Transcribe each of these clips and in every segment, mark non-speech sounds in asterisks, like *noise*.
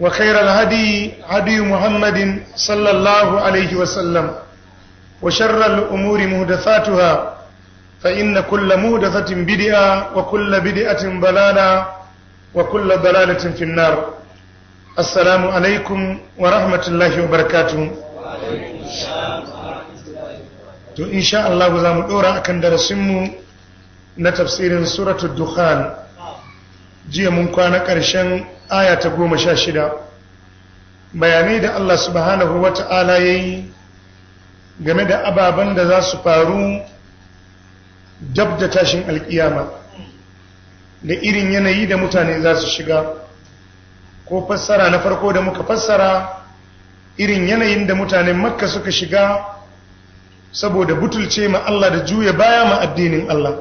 وخير الهدي هدي محمد صلى الله عليه وسلم وشر الأمور مهدثاتها فإن كل مهدثة بدئة وكل بدئة ضلالة وكل ضلالة في النار السلام عليكم ورحمة الله وبركاته to insha Allah za mu dora akan darasinmu na tafsirin suratul dukhan jiya mun kwana ƙarshen aya ta goma sha shida bayanai da Allah subhanahu wa ta'ala ya yi game da ababen da za su faru dab da tashin alƙiyama da irin yanayi da mutane za su shiga ko fassara na farko da muka fassara irin yanayin da mutanen makka suka shiga saboda butulce ma Allah da juya baya ma addinin Allah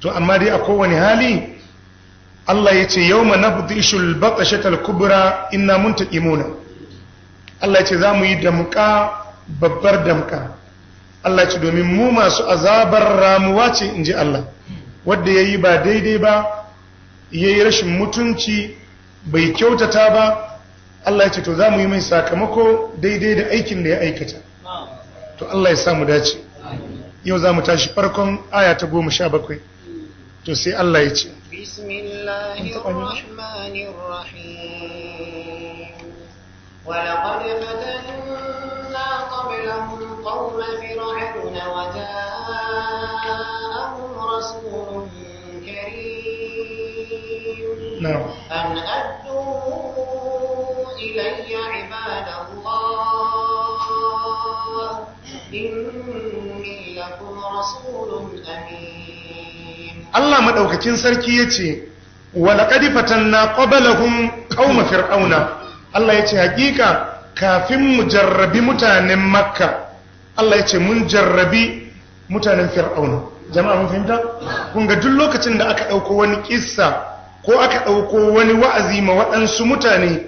to amma dai a kowane hali Allah ya ce yau ma na manabdishul batashatal kubra inna muntaqimuna Allah ya ce za mu yi damka babbar damka Allah ya ce domin mu masu azabar ramuwa ce in ji Allah Wadda ya yi ba daidai ba ya yi rashin mutunci bai kyautata ba Allah ya ce to za mu yi mai sakamako daidai da aikin da ya aikata to Allah ya mu dace yau za mu tashi farkon aya ta goma sha bakwai تسي الله يجي بسم الله الرحمن الرحيم ولقد فتنا قبلهم قوم فرعون وجاءهم رسول كريم نعم أن أدوا إلي عباد الله إني لكم رسول أمين Allah maɗaukacin sarki yace walaqad fatanna qablahum qauma fir'auna Allah yace hakika kafin mu jarrabi mutanen makka Allah yace mun jarrabi mutanen fir'auna jama'a mun fahimta kun ga duk lokacin da aka ɗauko wani kissa ko aka ɗauko wani wa'azi ma waɗansu mutane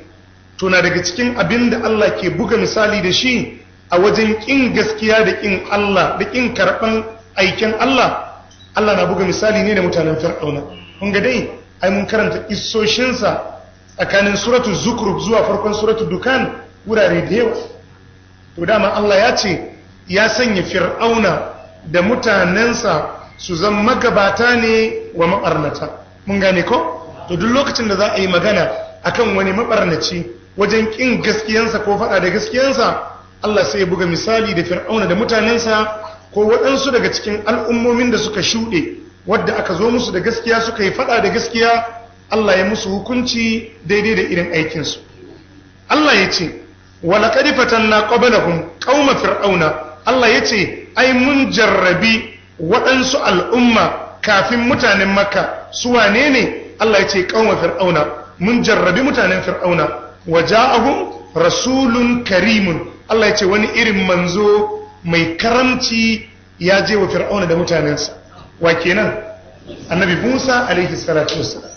to na daga cikin abin da Allah ke buga misali da shi a wajen ƙin gaskiya da kin Allah da kin karban aikin Allah Allah na buga misali ne da mutanen fir'auna kun ga dai ai mun karanta isoshinsa tsakanin suratu zukhruf zuwa farkon suratu dukan wurare da yawa to dama Allah ya ce ya sanya fir'auna da mutanensa su zama magabata ne wa mabarnata mun gane ko to duk lokacin da za a yi magana akan wani mabarnaci wajen kin gaskiyansa ko faɗa da gaskiyansa Allah sai ya buga misali da fir'auna da mutanensa ko waɗansu daga cikin al'ummomin da suka shuɗe wadda aka zo musu da gaskiya suka yi faɗa da gaskiya Allah ya musu hukunci daidai da irin aikinsu Allah ya ce walaƙari na ƙwabalahun ƙauma fir'auna Allah ya ce ai mun jarrabi waɗansu al'umma kafin mutanen makka su wane ne Allah ya ce ƙauma fir'auna mun jarrabi mutanen fir'auna wa ja'ahum rasulun karimun Allah ya ce wani irin manzo mai karamci ya je wa fir'auna da mutanensa wa kenan annabi musa alaihi salatu wassalam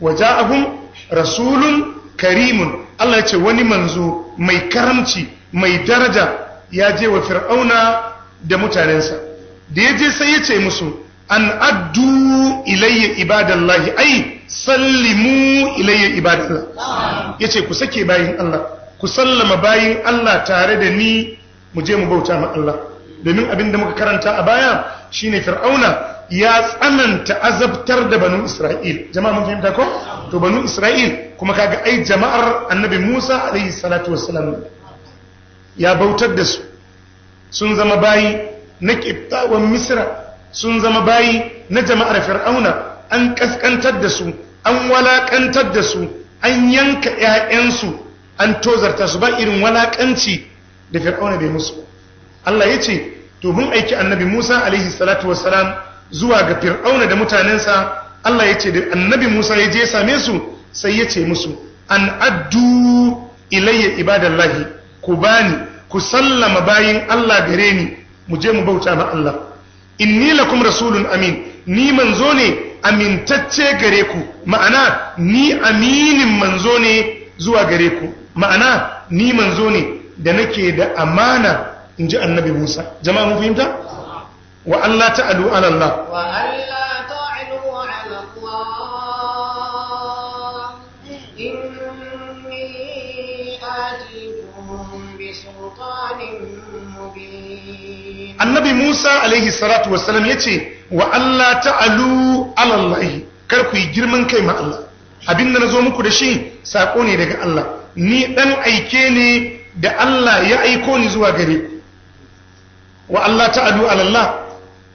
wa ja'ahum rasulun karimun Allah ya ce wani manzo mai karamci mai daraja ya je wa fir'auna da mutanensa da ya je sai ya ce musu an addu ilayya ibadallahi ai sallimu ilayya ibadallah ce ku sake bayin Allah ku sallama bayin Allah tare da ni mu je mu bauta ma Allah domin abin da muka karanta a baya shine fir'auna ya tsananta azabtar da banu isra'il jama'a mun fahimta ko to banu isra'il kuma kaga ai jama'ar annabi musa alaihi salatu wassalam ya bautar da su sun zama bayi na kiftawan misra sun zama bayi na jama'ar fir'auna an kaskantar da su an walakantar da su an yanka 'ya'yansu an tozarta su ba irin walakanci da fir'auna bai musu Allah ya ce to mun aiki annabi Musa alaihi salatu wassalam zuwa ga fir'auna da mutanensa Allah ya ce da annabi Musa ya je same su sai ya ce musu an addu ilayya ibadallahi ku bani ku sallama bayin Allah gare ni mu je mu bauta ma Allah inni lakum rasulun amin ni manzo ne amintacce gare ku ma'ana ni aminin manzo ne zuwa gare ku ma'ana ni manzo ne da nake da amana in ji annabi musa jama'a mun fahimta wa Allah ta'alu ala Allah wa Allah ta'alu ala Allah inni atikum bi sultanin mubin annabi musa alaihi salatu wassalam yace wa Allah ta'alu ala Allah kar ku yi girman kai ma Allah abinda nazo muku da shi sako ne daga Allah ni dan aike ne da Allah ya aiko ni zuwa gare ku wa Allah ta'adu ala Allah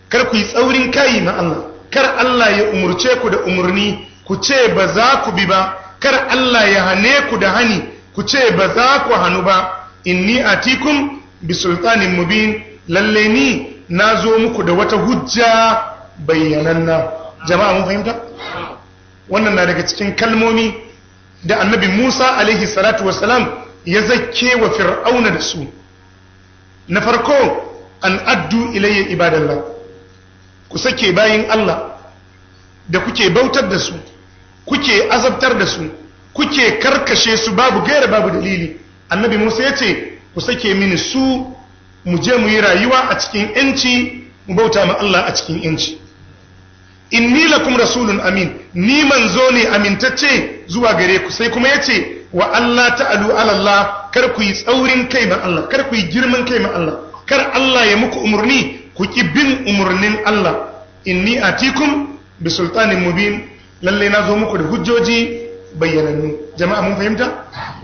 kar ku yi tsaurin kai na Allah kar Allah ya umurce ku da umurni ku ce ba za ku bi ba kar Allah ya hane ku da hani ku ce ba za ku hanu ba inni atikum bi sultanin mubin lalle ni na zo muku da wata hujja bayyananna jama'a mun fahimta wannan na daga cikin kalmomi da annabi Musa alaihi salatu wassalam ya zakke wa fir'auna da su na farko an addu ilayya ibadallah ku sake bayin Allah da kuke bautar da su kuke azabtar da su kuke karkashe su babu gaira babu dalili annabi Musa ya ce ku sake mini su mu je mu yi rayuwa a cikin yanci mu bauta ma Allah a cikin yanci inni lakum rasulun amin ni manzo ne amintacce zuwa gare ku sai kuma yace wa Allah ta'alu ala Allah kar ku yi tsaurin kai ma Allah kar ku yi girman kai ma Allah kar Allah ya muku umurni ku ki bin umurnin Allah inni atikum bi sultanin mubin lalle na zo muku da hujjoji bayyanannu jama'a mun fahimta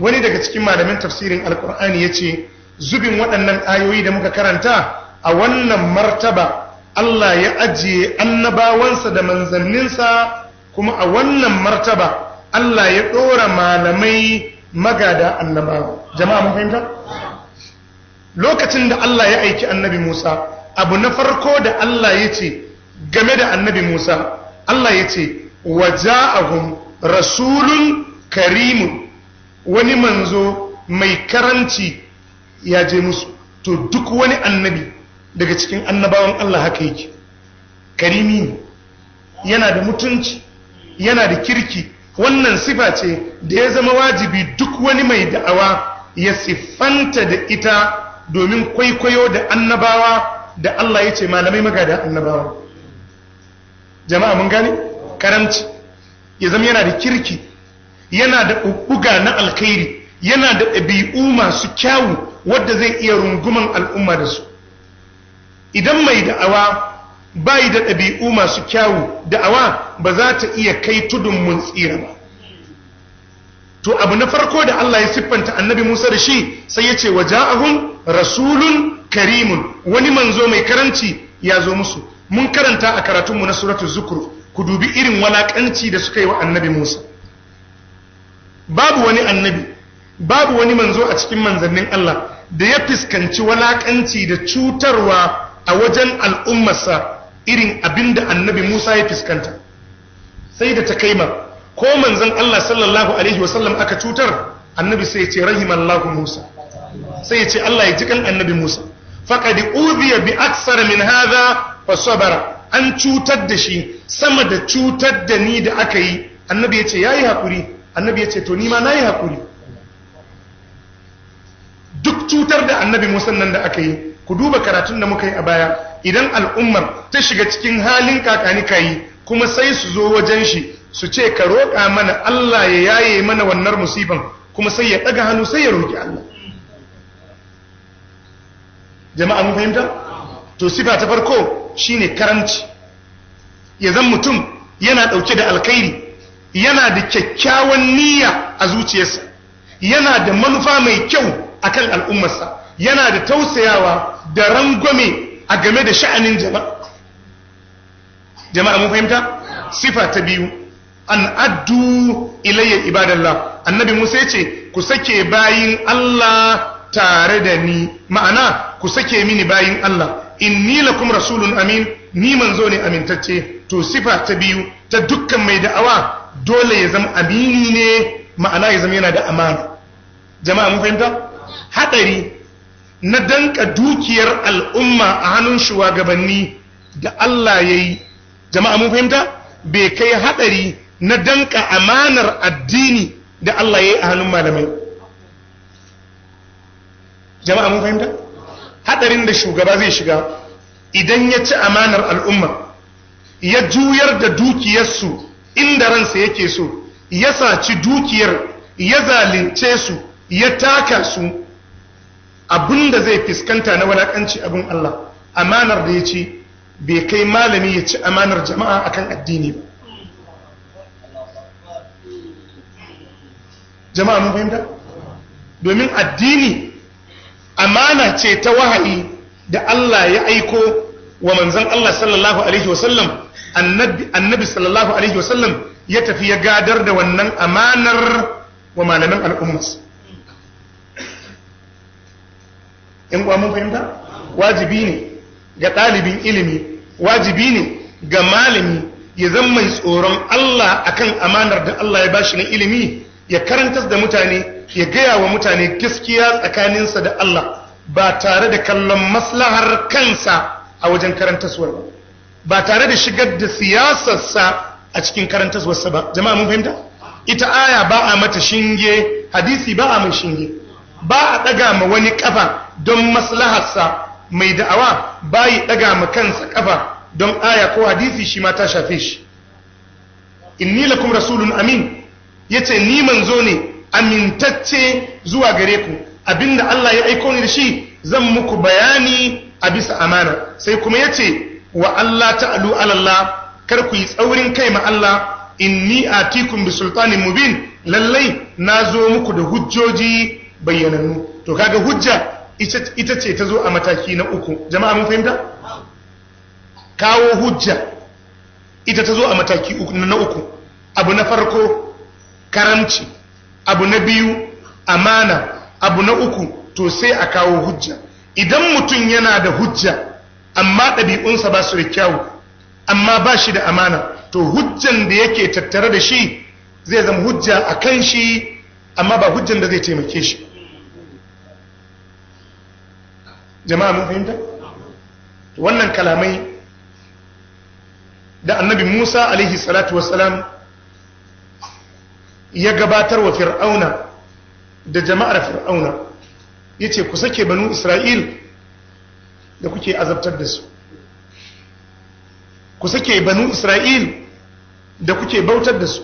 wani daga cikin malamin tafsirin alqur'ani yace zubin waɗannan ayoyi da muka karanta a wannan martaba Allah ya ajiye annabawansa da manzanninsa kuma a wannan martaba Allah ya ɗora malamai magada annaba jama'a mun fahimta lokacin da Allah ya aiki annabi Musa abu na farko da Allah ya ce game da annabi Musa Allah ya ce wa ja'ahum rasulun karimu wani manzo mai karanci ya je musu to duk wani annabi daga cikin annabawan Allah haka yake karimi yana da mutunci yana da kirki wannan sifa ce da ya zama wajibi duk wani mai da'awa ya siffanta da ita domin kwaikwayo da annabawa da Allah ya ce malamai magada annabawa jama'a mun gani karamci ya zama yana da kirki yana da buga na alkhairi yana da ɗabi'u masu kyawu wadda zai iya runguman al'umma da su idan mai da'awa bai da ɗabi'u masu kyawu da'awa ba za ta iya kai tudun mun tsira ba to abu na farko da Allah ya siffanta annabi Musa da shi sai ya ce waja'ahum rasulun karimun wani manzo mai karanci ya zo musu mun karanta a karatunmu na suratu zukur ku dubi irin walakanci da suka yi wa annabi Musa babu wani annabi babu wani manzo a cikin manzannin Allah da ya fuskanci walaƙanci da cutarwa a wajen al'ummarsa irin abinda annabi Musa ya fuskanta sai da ta takaima ko manzon Allah sallallahu alaihi wasallam aka cutar annabi sai ya ce rahimallahu Musa sai ya ce Allah ya ji kan annabi Musa faqad udhiya bi aksara min hadha fa sabara an cutar da shi sama da cutar da ni da aka yi annabi ya ce yayi hakuri annabi ya ce to ni ma nayi hakuri duk cutar da annabi Musa nan da aka yi ku duba karatun da muka yi a baya idan al'ummar ta shiga cikin halin kakani kayi kuma sai su zo wajen shi su ce ka roƙa mana Allah ya yaye mana wannan musifan, kuma sai ya ɗaga hannu sai ya roƙi Allah jama'a mun fahimta to sifa ta farko shine karanci ya zan mutum yana ɗauke da alkhairi yana da kyakkyawan niyya a zuciyarsa yana da manufa mai kyau akan al'ummarsa yana da tausayawa da rangwame a game da sha'anin jama'a jama'a mun fahimta sifa ta biyu an addu ilayya ibadallah annabi Musa yace ku sake bayin Allah tare da ni ma'ana ku sake mini bayin Allah inni lakum rasulun amin ni manzo ne amintacce to sifa ta biyu ta dukkan mai da'awa dole ya zama amini ne ma'ana ya zama yana da amana jama'a mun fahimta hadari na danka dukiyar al'umma a hannun shugabanni da Allah ya yi jama'a mun fahimta bai kai haɗari na danka amanar addini da Allah ya yi a hannun malamai jama'a mun fahimta haɗarin da shugaba zai shiga idan ya ci amanar al'umma ya juyar da dukiyarsu inda ransa yake so ya saci dukiyar ya zalince su ya taka su Abin da zai fiskanta na walakanci abin Allah amanar da ya ci bai kai malami ya ci amanar jama'a akan addini ba jama'a mun fahimta domin addini amana ce ta wahayi da Allah ya aiko wa manzan Allah sallallahu alaihi wasallam annabi annabi sallallahu alaihi wasallam ya tafi ya gadar da wannan amanar wa malaman al'ummas in kuwa mun fahimta wajibi ne ga ɗalibin ilimi wajibi ne ga malami ya zama mai tsoron Allah akan amanar da Allah ya bashi na ilimi ya karantar da mutane ya gaya wa mutane gaskiya tsakaninsa da Allah ba tare da kallon maslahar kansa a wajen karantaswar ba ba tare da shigar da siyasarsa a cikin karantaswarsa ba jama'a mun fahimta ita aya ba a mata shinge hadisi ba a mai shinge ba a ɗaga ma wani ƙafa don maslaharsa mai da'awa ba yi ɗaga ma kansa ƙafa don aya ko hadisi shi ma ta shafe shi inni lakum rasulun amin ya ce ni manzo ne amintacce zuwa gare ku abinda Allah ya aiko ni da shi zan muku bayani a bisa amana sai kuma yace wa Allah ta'alu ala Allah kar ku yi tsaurin kai ma Allah inni atikum bi sultanin mubin lallai na zo muku da hujjoji bayyanannu to kaga hujja ita ce ta zo a mataki na uku jama'a mun fahimta kawo hujja ita ta zo a mataki na uku abu na farko karamci abu na biyu amana abu na uku to sai a kawo hujja idan mutum yana da hujja amma ɗabi'unsa ba su da kyawu amma ba shi da amana to hujjan da yake tattare da shi zai zama hujja a kan shi amma ba hujjan da zai taimake shi jama'a mun fahimta wannan kalamai da annabi Musa alaihi salatu wassalam ya gabatar wa fir'auna da jama'ar fir'auna yace ku sake banu Isra'il da kuke azabtar da su ku sake banu Isra'il da kuke bautar da su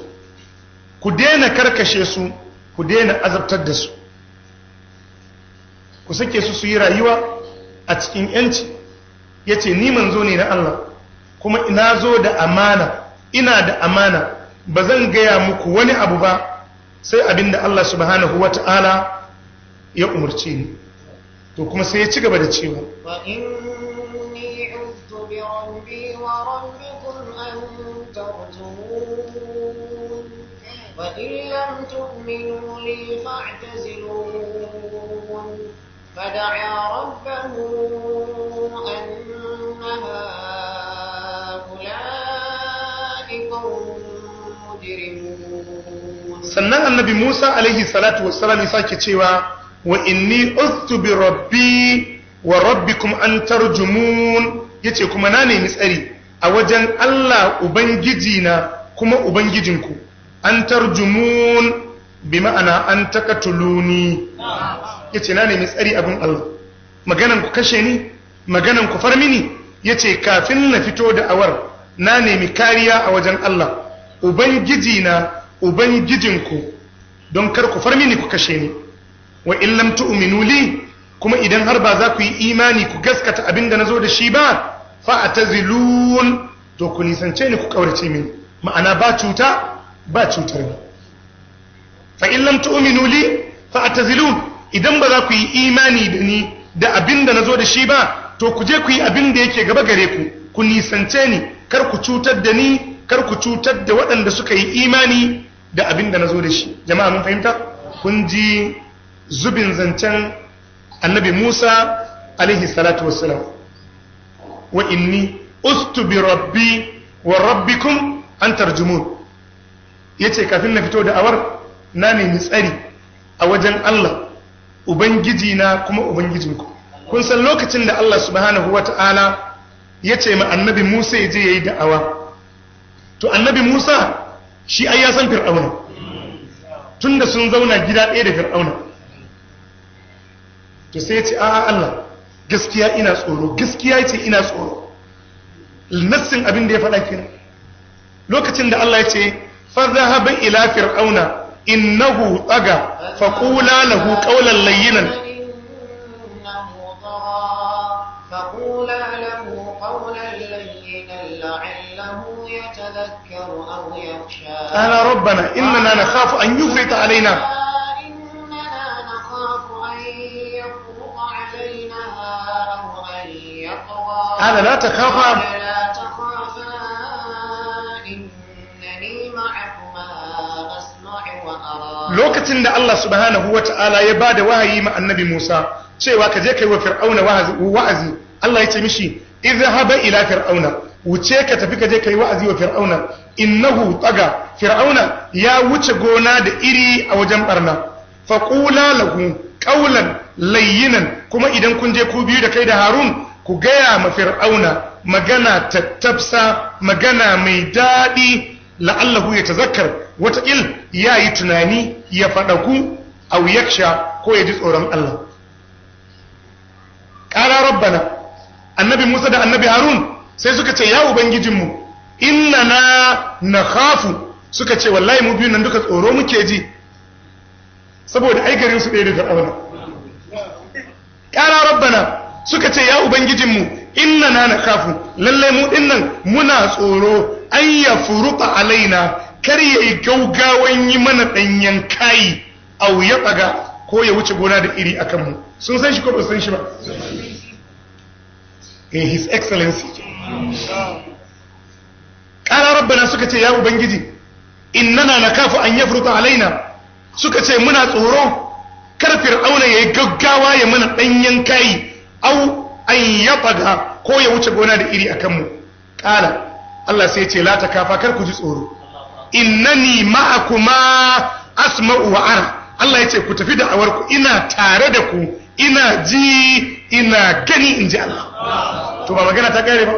ku daina karkashe su ku daina azabtar da su ku sake su su yi rayuwa a cikin yanci ya ce ni manzo ne na Allah kuma ina zo da amana ina da amana ba zan gaya muku wani abu ba sai abin da Allah subhanahu wa ta'ala ya umarci ni to kuma sai ya ci gaba da cewa وإن لم تؤمنوا لي فاعتزلون فدعا ربه أن هؤلاء قوم مجرمون sannan annabi Musa alaihi salatu wa salam ya cewa wa inni ustu rabbi wa rabbikum an tarjumun yace kuma na nemi tsari a wajen Allah ubangiji na kuma ubangijinku an tarjumun bi ma'ana an takatuluni yace na nemi tsari abin Allah maganan ku kashe ni maganan ku far mini yace kafin na fito da awar na nemi kariya a wajen Allah ubangiji na ubangijin ku. don kar ku far mini ku kashe ni wa in lam tu'minu li kuma idan har ba za ku yi imani ku gaskata abin da nazo da shi ba fa atazilun to ku nisance ni ku kaurace mini ma'ana ba cuta ba cutar ni fa in lam tu'minu li fa idan ba za ku yi imani da ni da abin da nazo da shi ba to ku je ku yi abin da yake gaba gare ku ku nisance ni kar ku cutar da ni kar ku cutar da waɗanda suka yi imani da abin da zo da shi jama'a mun fahimta kun ji zubin zancen annabi Musa alaihi salatu wassalam wa inni ustu bi rabbi wa rabbikum an tarjumun yace kafin na fito da awar na nemi tsari a wajen Allah ubangiji na kuma ubangijinku kun san lokacin da Allah subhanahu wata'ala ya ce ma annabi Musa ya je yayi da'awa to annabi Musa shi ai ya san fir'auna tunda sun zauna gida ɗaya da fir'auna to sai ya ce a'a Allah gaskiya ina tsoro gaskiya ya ce ina tsoro nassin abin da ya faɗa kin lokacin da Allah ya ce fa zahaba ila fir'auna إنه أجا فقولا له قولا لينا فقولا له قولا لينا لعله يتذكر أو يخشى ربنا إننا نخاف أن يفرط علينا هذا نخاف أن علينا أو أن يطغى لا تخافا lokacin da Allah subhanahu ta'ala ya ba da wahayi ma annabi Musa cewa ka je kai wa fir'auna wa'azi Allah ya ce mishi izhaba ila fir'auna wuce ka tafi ka je kai wa'azi wa fir'auna innahu taga fir'auna ya wuce gona da iri a wajen barna faqula lahu qawlan layyinan kuma idan kun je ku biyu da kai da Harun ku gaya ma fir'auna magana tattafsa magana mai daɗi la'allahu yatazakkar wata il yi tunani ya faɗaku a wuyaksha ko ya ji tsoron Allah ƙara rabbana annabi Musa da annabi Harun sai suka ce ya ubangijinmu na hafu, suka ce wallahi mu biyu nan duka tsoro muke ji saboda ai su ɗaya da fir'auna ƙara rabbana suka ce ya ubangijinmu inna na na kafu lallai mu dinnan muna tsoro an ya furuka alaina kar ya yi gaugawan yi mana ɗanyen kayi a ya ɓaga, ko ya wuce gona da iri akan mu sun san shi ko ba san shi ba in eh, his excellency ƙara rabbana suka ce ya ubangiji inna na kafu an ya furuka alaina suka ce muna tsoro kar fir'auna ya yi gaggawa ya mana ɗanyen kayi au an faga ko ya wuce gona da iri a kanmu ƙala Allah sai ce la takafa kar ku ji tsoro innani ma'akuma asma'u wa ara Allah ya ce ku tafi da awarku ina tare da ku ina ji ina gani in ji Allah to ba magana ta kare ba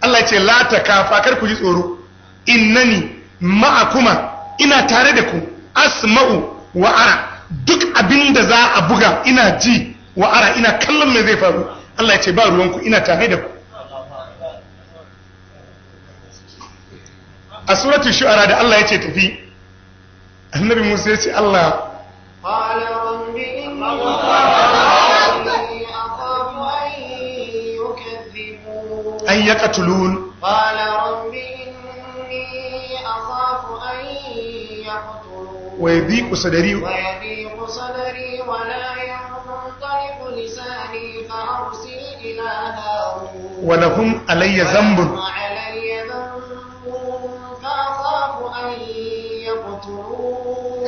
Allah ya ce la takafa kar ku ji tsoro innani ma'akuma ina tare da ku asma'u wa ara duk abinda za a buga ina ji wa ara ina kallon me zai faru Allah ya ce ba ruwanku ina tare da ku a suratul shu'ara da Allah ya ce tafi annabi Musa ya ce Allah An ya katulun Wa ya bi kusa يقتلون ولهم علي ذنب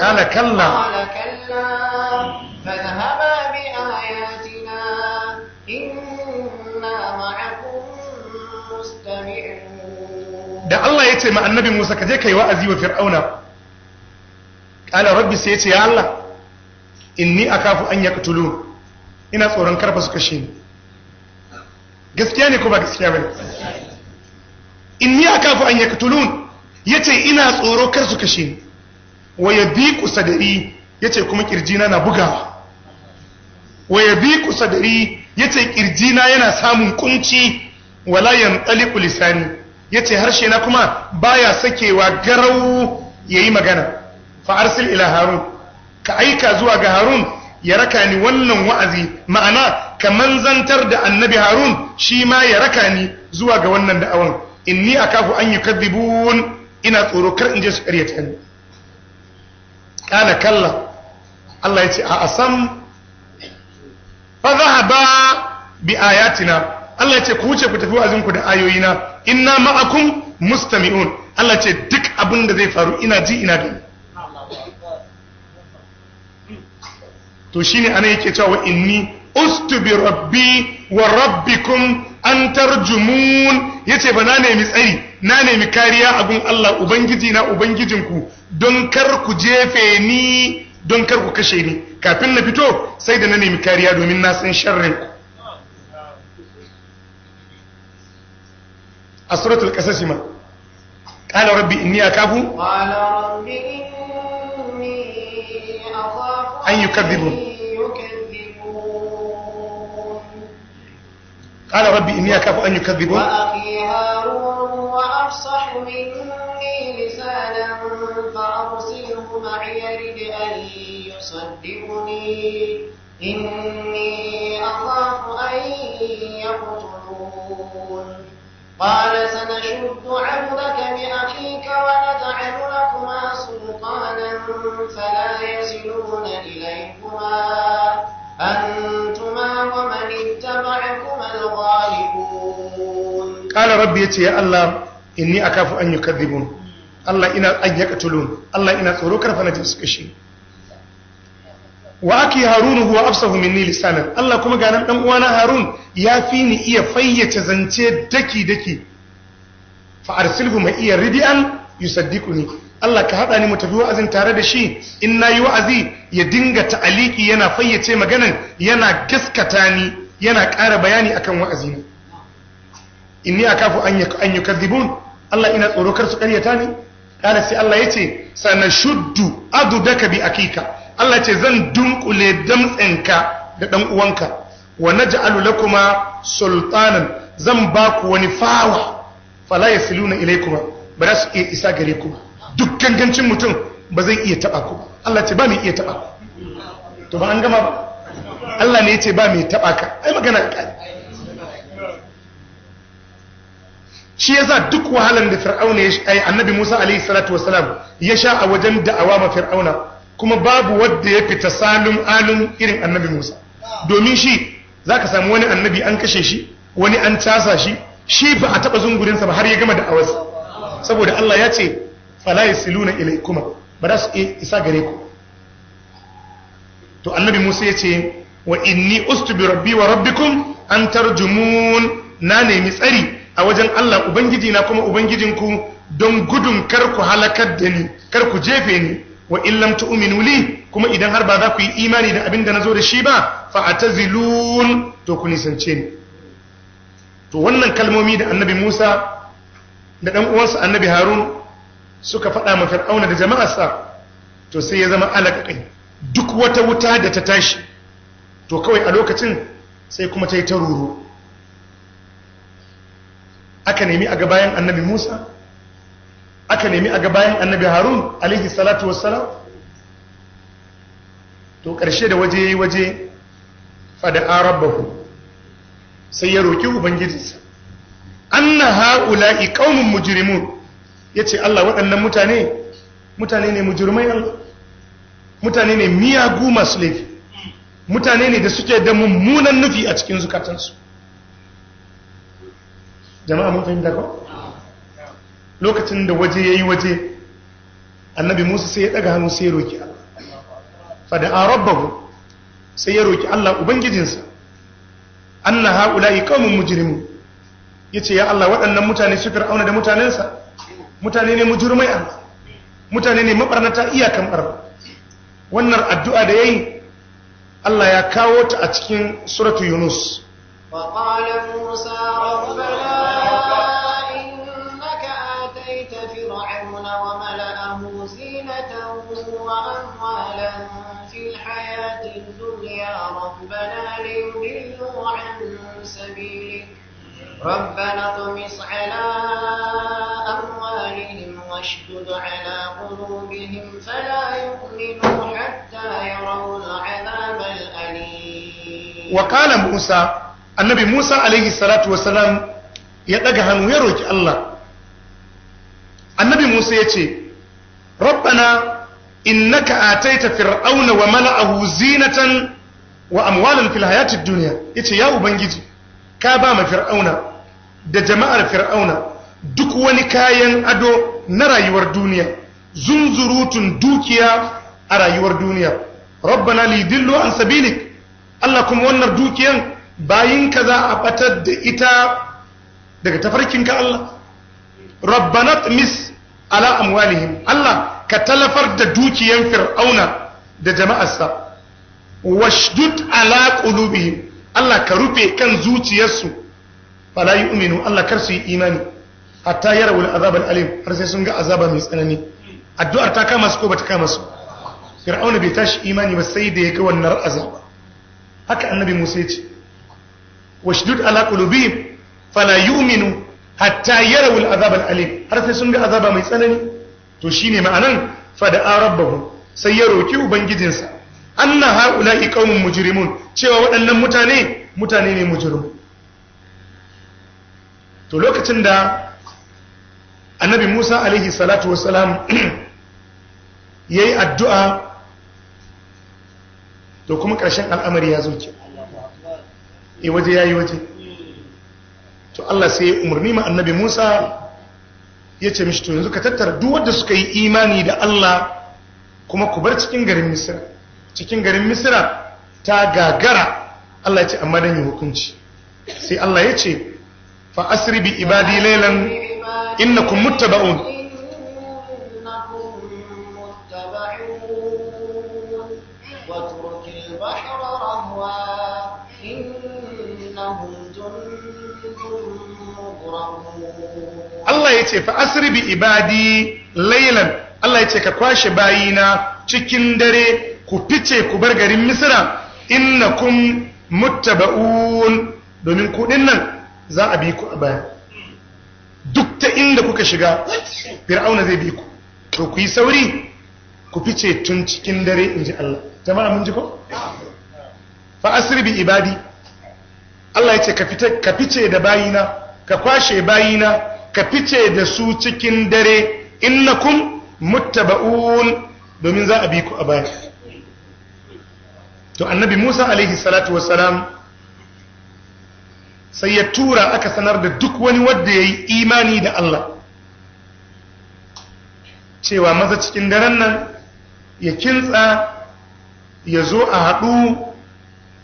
قال كلا قال da Allah ya ce ma annabi Musa ka je kai wa'azi wa Fir'auna qala rabbi sai ya ce ya a inni akafu an yaqtulun ina tsoron karfa su kashe ni gaskiya ne ko ba gaskiya ba bane inni akafu an Ya ce ina tsoro kar su kashe ni ku sadari. Ya ce kuma kirjina na bugawa wa yabiqu ya ce kirjina yana samun kunci wala yantaliqu lisani ce harshe na kuma baya sakewa garau ya yi magana fa ila harun ka aika zuwa ga harun ya raka ni wannan wa'azi ma'ana kaman zantar da annabi harun shi ma ya raka ni zuwa ga wannan da'awan inni kafu an yukadhibun ina tsoro kar in je su ta ni Ƙana kalla Allah ya ce a asam fa ba bi ayatina Allah ya ce ku wuce ku tafi wa'azinku da ayoyina inna ma’akun mustami'un Allah ya ce duk abin da zai faru ina ji ina gani to shine ana yake cewa inni ustu rabbi wa rabbikum an tarjumun yace ba na nemi tsari na nemi kariya a gun Allah ubangiji na ubangijinku don kar ku jefe ni don kar ku kashe ni kafin na fito sai da na nemi kariya domin na san sharrin ku a qasas ma qala rabbi inni akafu qala rabbi أن يكذبون قال ربي إني أكاف أن يكذبون وأخي هارون وأفصح مني لسانا فأرسله معي رد أن يصدقني إني أخاف أن يقتلون قال سنشد عبدك بأخيك ونجعل لكما سلطانا فلا يصلون إليكما أنتما ومن اتبعكما الغالبون قال ربي يا الله إني أكاف أن يكذبون الله إنا أن يقتلون الله إنا ثورك فنجسك شيء wa aki harun huwa afsahu minni lisanan Allah kuma ga nan dan uwana harun ya fi ni iya fayyace zance daki daki fa arsilhu ma iya ridian yusaddiquni Allah ka hada ni mu tafi wa'azin tare da shi in nayi wa'azi ya dinga ta'aliki yana fayyace maganan yana gaskata ni yana ƙara bayani akan wa'azi ne inni akafu an an yukadhibun Allah ina tsoro kar su ƙaryata ni kana sai Allah yace sanashuddu adudaka bi akika Allah ce zan dunkule damtsenka da ɗan uwanka wa na naj'alu lakuma sultanan zan ba ku wani fawa fala ya ilai kuma ba za su iya isa gare ku duk gangancin mutum ba zai iya taɓa ku Allah ce ba mai iya taɓa ku to ba an gama ba Allah ne ce ba mai taɓa ka ai magana ka shi za duk wahalan da fir'auna ya annabi Musa alaihi salatu wasalam ya sha a wajen da'awa ma fir'auna kuma babu wadda ya fita salun alun irin annabi Musa domin shi za ka samu wani annabi an kashe shi wani an casa shi shi ba a taba zungurinsa ba har ya gama da awas saboda Allah ya ce fala ilai kuma ba za su isa gare ku to annabi Musa ya ce wa inni ustu rabbi wa rabbikum an tarjumun na nemi tsari a wajen Allah ubangiji na kuma ubangijinku don gudun kar ku halakar da ni kar ku jefe ni wa illam tu'minu li kuma idan har ba za ku yi imani da abin da nazo da shi ba fa atazilun to ku nisance ni to wannan kalmomi da annabi Musa da dan uwansa annabi Harun suka faɗa ma Fir'auna da jama'arsa to sai ya zama alaƙaƙai duk wata wuta da ta tashi to kawai a lokacin sai kuma ta yi ta ruru aka nemi a gabayan annabi Musa aka nemi a gabayin annabi harun alaihi salatu wassalam to ƙarshe da waje yi waje fada arabahu sai ya roƙi ubangijinsa ha'ula haula'i qaumun ya ce Allah waɗannan mutane mutane ne mujrimai Allah mutane ne miyagu masu laifi mutane ne da suke da mummunan nufi a cikin zukatansu jama'a mun fahimta ba? lokacin da waje yayi waje annabi Musa sai ya daga hannu sai ya roki Allah fa da rabbahu sai ya roki Allah ubangijinsa anna haula'i qaumun mujrimun yace ya Allah waɗannan mutane su fir'auna da mutanensa mutane ne mujrimai Allah mutane ne mabarnata iyakan barna wannan addu'a da ya yi Allah ya kawo ta a cikin suratu Yunus ربنا ليضلوا عن سبيلك ربنا اطمس على أموالهم واشدد على قلوبهم فلا يؤمنوا حتى يروا العذاب الأليم وقال موسى النبي موسى عليه الصلاة والسلام يدقها يروج الله النبي موسى يتي ربنا إنك آتيت فرعون وملأه زينة wa amwalin fil duniya ita yace ya ubangiji ka ba ma fir'auna da jama'ar fir'auna duk wani kayan ado na rayuwar duniya zunzurutun dukiya a rayuwar duniya rabbana lidillu an sabilik Allah kuma wannan dukiyan bayinka za a batar da ita daga tafarkinka Allah rabbana tmis ala amwalihim Allah ka talafar da dukiyan fir'auna da jama'arsa washdud ala qulubihim Allah ka rufe kan zuciyarsu fala yu'minu Allah kar su yi imani hatta yarawu al'azab al'alim har sai sun ga azaba mai tsanani addu'ar ta kama su ko bata kama su fir'auna bai tashi imani ba sai da ya ga wannan azaba haka annabi Musa ya ce washdud ala qulubihim fala yu'minu hatta yarawu al'azab al'alim har sai sun ga azaba mai tsanani to shine ma'anan fa fada'a rabbahu sai ya roki ubangijinsa anna haula'i qaumun mujrimun cewa waɗannan mutane mutane ne mujrim to lokacin da annabi Musa alaihi salatu wassalam *clears throat* yayi addu'a to kuma ƙarshen al'amari ya zo ke e waje yayi waje to Allah sai umarni ma annabi Musa ya ce mishi to yanzu ka tattara duk wanda suka yi imani da Allah kuma ku bar cikin garin Misra cikin garin misira ta gagara Allah ya ce amma dan yi hukunci sai Allah ya ce fa asri bi ibadi laylan innakum muttaba'un Allah ya ce fa asri bi ibadi laylan Allah ya ce ka kwashe bayina cikin dare ku fice ku bar garin misira innakum muttaba'un domin ku nan za a bi ku a baya duk ta inda kuka shiga fir'auna zai bi ku to ku yi sauri ku fice tun cikin dare inji Allah jama'a mun ji ko fa asri bi ibadi Allah ya ce ka fice ka fice da bayina ka kwashe bayina ka fice da su cikin dare innakum muttaba'un domin za a bi ku a baya to annabi Musa alaihi salatu wassalam sai ya tura aka sanar da duk wani wanda yi imani da Allah cewa maza cikin daren nan ya kintsa ya zo a haɗu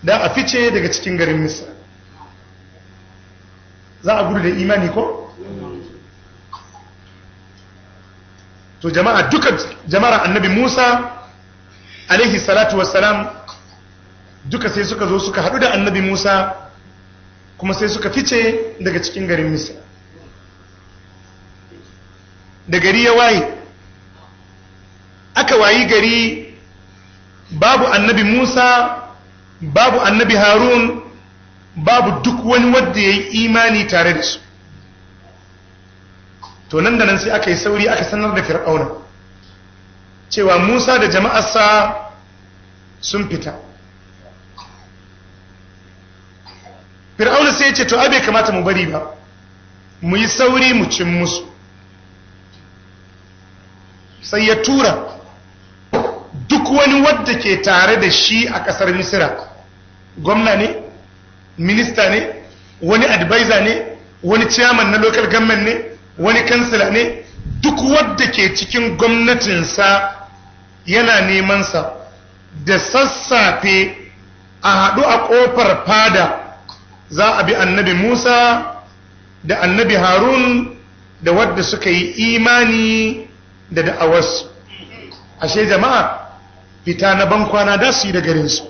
da a fice daga cikin garin Misra za a gudu da imani ko to jama'a duka jama'ar annabi Musa alaihi salatu wassalam duka sai suka zo suka haɗu da annabi musa kuma sai suka fice daga cikin garin misra da gari ya waye aka wayi gari babu annabi musa babu annabi harun babu duk wani wadda ya yi imani tare da su to nan da nan sai aka yi sauri aka sanar da fir'auna cewa musa da jama'arsa sun fita fir'aunu sai ya ce to abe bai kamata mu bari ba mu yi sauri mu cin musu sai ya tura duk wani wadda ke tare da shi a ƙasar misira gwamna ne minista ne wani advisor ne wani chairman na local government ne wani kansila ne duk wadda ke cikin gwamnatinsa yana neman sa da sassafe a haɗu a ƙofar fada za a bi annabi Musa da annabi Harun da wadda suka yi imani da da'awarsu ashe jama'a fita na bankwana da su yi da garinsu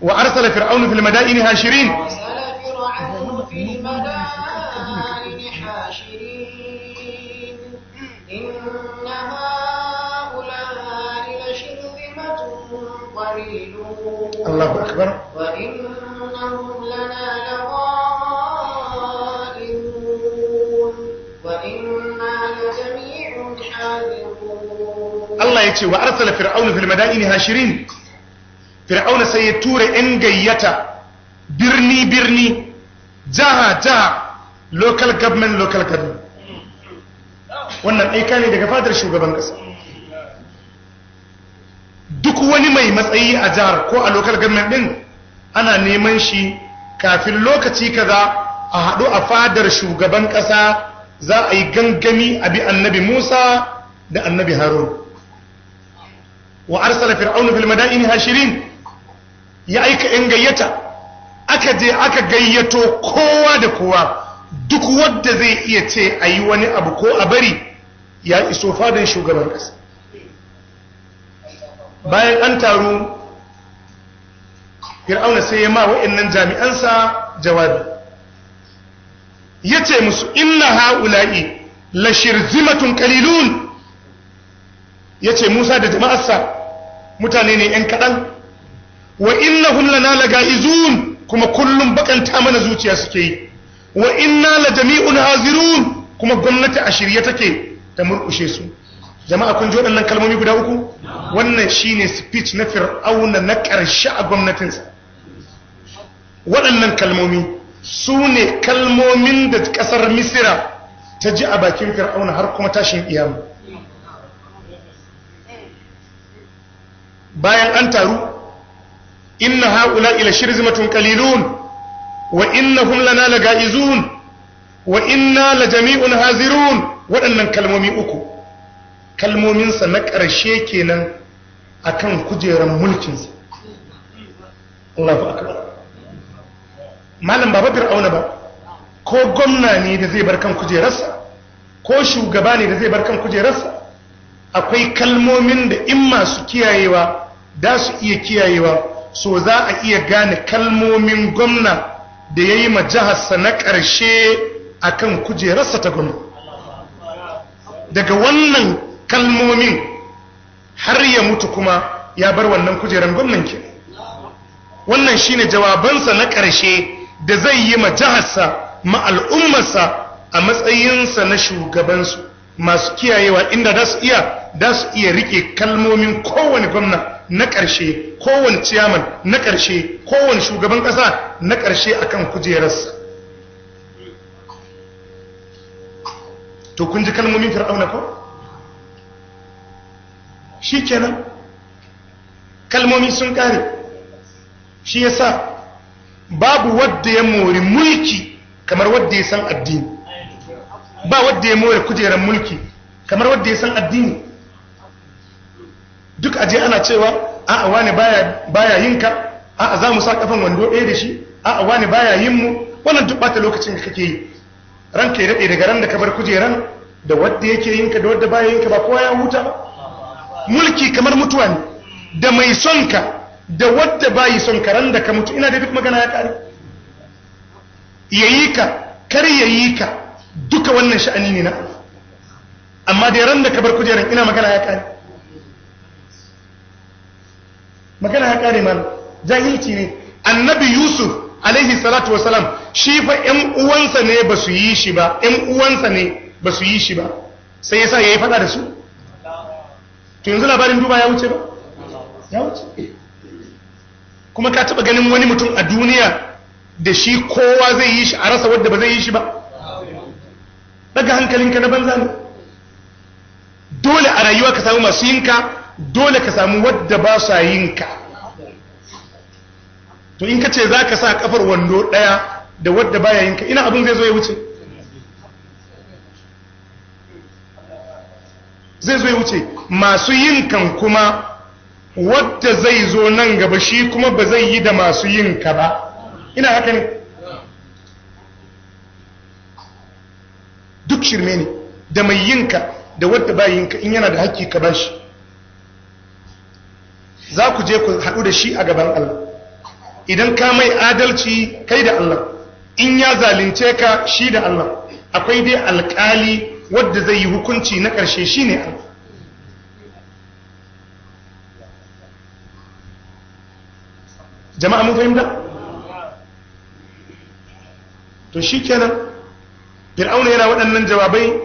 wa arsala fir'aunu fil madaini hashirin الله أكبر وإنهم لنا وإنا لجميع حاذرون الله يتي وأرسل فرعون في المدائن هاشرين فرعون سيتور إن جيتا برني birni jaha local government local government wannan aika ne daga fadar shugaban duk wani mai matsayi a jihar ko a local government din ana neman shi kafin lokaci kaza a haɗu a fadar shugaban ƙasa za a yi gangami a bi annabi Musa da annabi Harun wa arsala fir'aunu fil madaini hashirin ya aika in gayyata aka je aka gayyato kowa da kowa duk wanda zai iya ce a yi wani abu ko a bari ya iso fadar shugaban ƙasa bayan an taru fir'auna sai ya ma wa'annan jami'ansa jawabi yace musu inna haula'i la shirzimatun qalilun yace Musa da jama'arsa mutane ne yan kaɗan. wa innahum lana lagaizun kuma kullum bakanta mana zuciya suke yi wa inna la jami'un hazirun kuma gwamnati a shirye take ta murkushe su jama'a kun ji waɗannan kalmomi guda uku wannan shine speech na fir'auna na ƙarshe a gwamnatinsa waɗannan kalmomi su ne kalmomin da ƙasar misira ta ji a bakin fir'auna har kuma tashin iyama bayan an taru inna haula ila shirzimatun qalilun wa innahum lana laga'izun wa inna lajami'un hazirun waɗannan kalmomi uku kalmominsa na ƙarshe kenan a kan kujerar mulkinsa Allahu ba malam baba fir'auna ba ko gwamna ne da zai bar kan kujerarsa ko shugaba ne da zai bar kan kujerarsa akwai kalmomin da in masu kiyayewa da su iya kiyayewa so za a iya gane kalmomin gwamna da ya yi jiharsa na ƙarshe a kan kujerarsa ta gwamna daga wannan kalmomin har ya mutu kuma ya bar wannan kujeran gwamnan ke wannan ne jawabansa na ƙarshe da zai yi ma jiharsa ma al'ummarsa a matsayinsa na shugabansu masu kiyayewa inda da su iya da su iya rike kalmomin kowane gwamna na ƙarshe kowane ciyaman na ƙarshe kowane shugaban ƙasa na ƙarshe akan kujerarsa to kun ji kalmomin fir'auna ko Shi kenan kalmomi sun kare shi yasa babu wadda ya mori mulki kamar wadda ya san addini ba wadda ya more kujerar mulki kamar wadda ya san addini duk aje ana cewa a'a wani baya baya a a'a za mu sa kafan wando ɗaya da shi a'a wani baya yin mu wannan duk bata lokacin da kake yi ranka ya daɗe daga ran da ka kujeran da wadda yake yinka da wadda baya yinka ba kowa ya huta ba mulki kamar mutuwa ne da mai son ka da wadda bayi son ka ran da ka mutu ina da duk magana ya kare yayi ka kar yayi ka duka wannan sha'ani ne na amma da ran da ka bar kujerar ina magana ya kare magana ya kare mana jahilci ne annabi yusuf alaihi salatu wasalam shi fa ƴan uwansa ne ba su yi shi ba ƴan uwansa ne ba su yi shi ba sai ya sa ya yi fada da su to yanzu labarin duba ya wuce ba ya wuce kuma ka taba ganin wani mutum a duniya da shi kowa zai yi shi a rasa wadda ba zai yi shi ba daga hankalinka na banza ne dole a rayuwa ka samu masu yinka dole ka samu wadda ba sa yinka to in ka ce za ka sa kafar wando ɗaya da wadda baya yinka ina abin zai zo ya wuce zai zo ya wuce masu yin kan kuma wadda zai zo nan gaba shi kuma ba zai yi da masu yin ka ba ina haka ne duk shirme ne da mai yinka da wadda ba yinka in yana da haƙƙi ka bashi za ku je ku haɗu da shi a gaban Allah idan ka mai adalci kai da Allah in ya zalunce ka shi da Allah akwai dai alƙali wadda zai yi hukunci na ƙarshe shine a? jama'a mun fahimta to shi kenan fir'auna yana waɗannan jawabai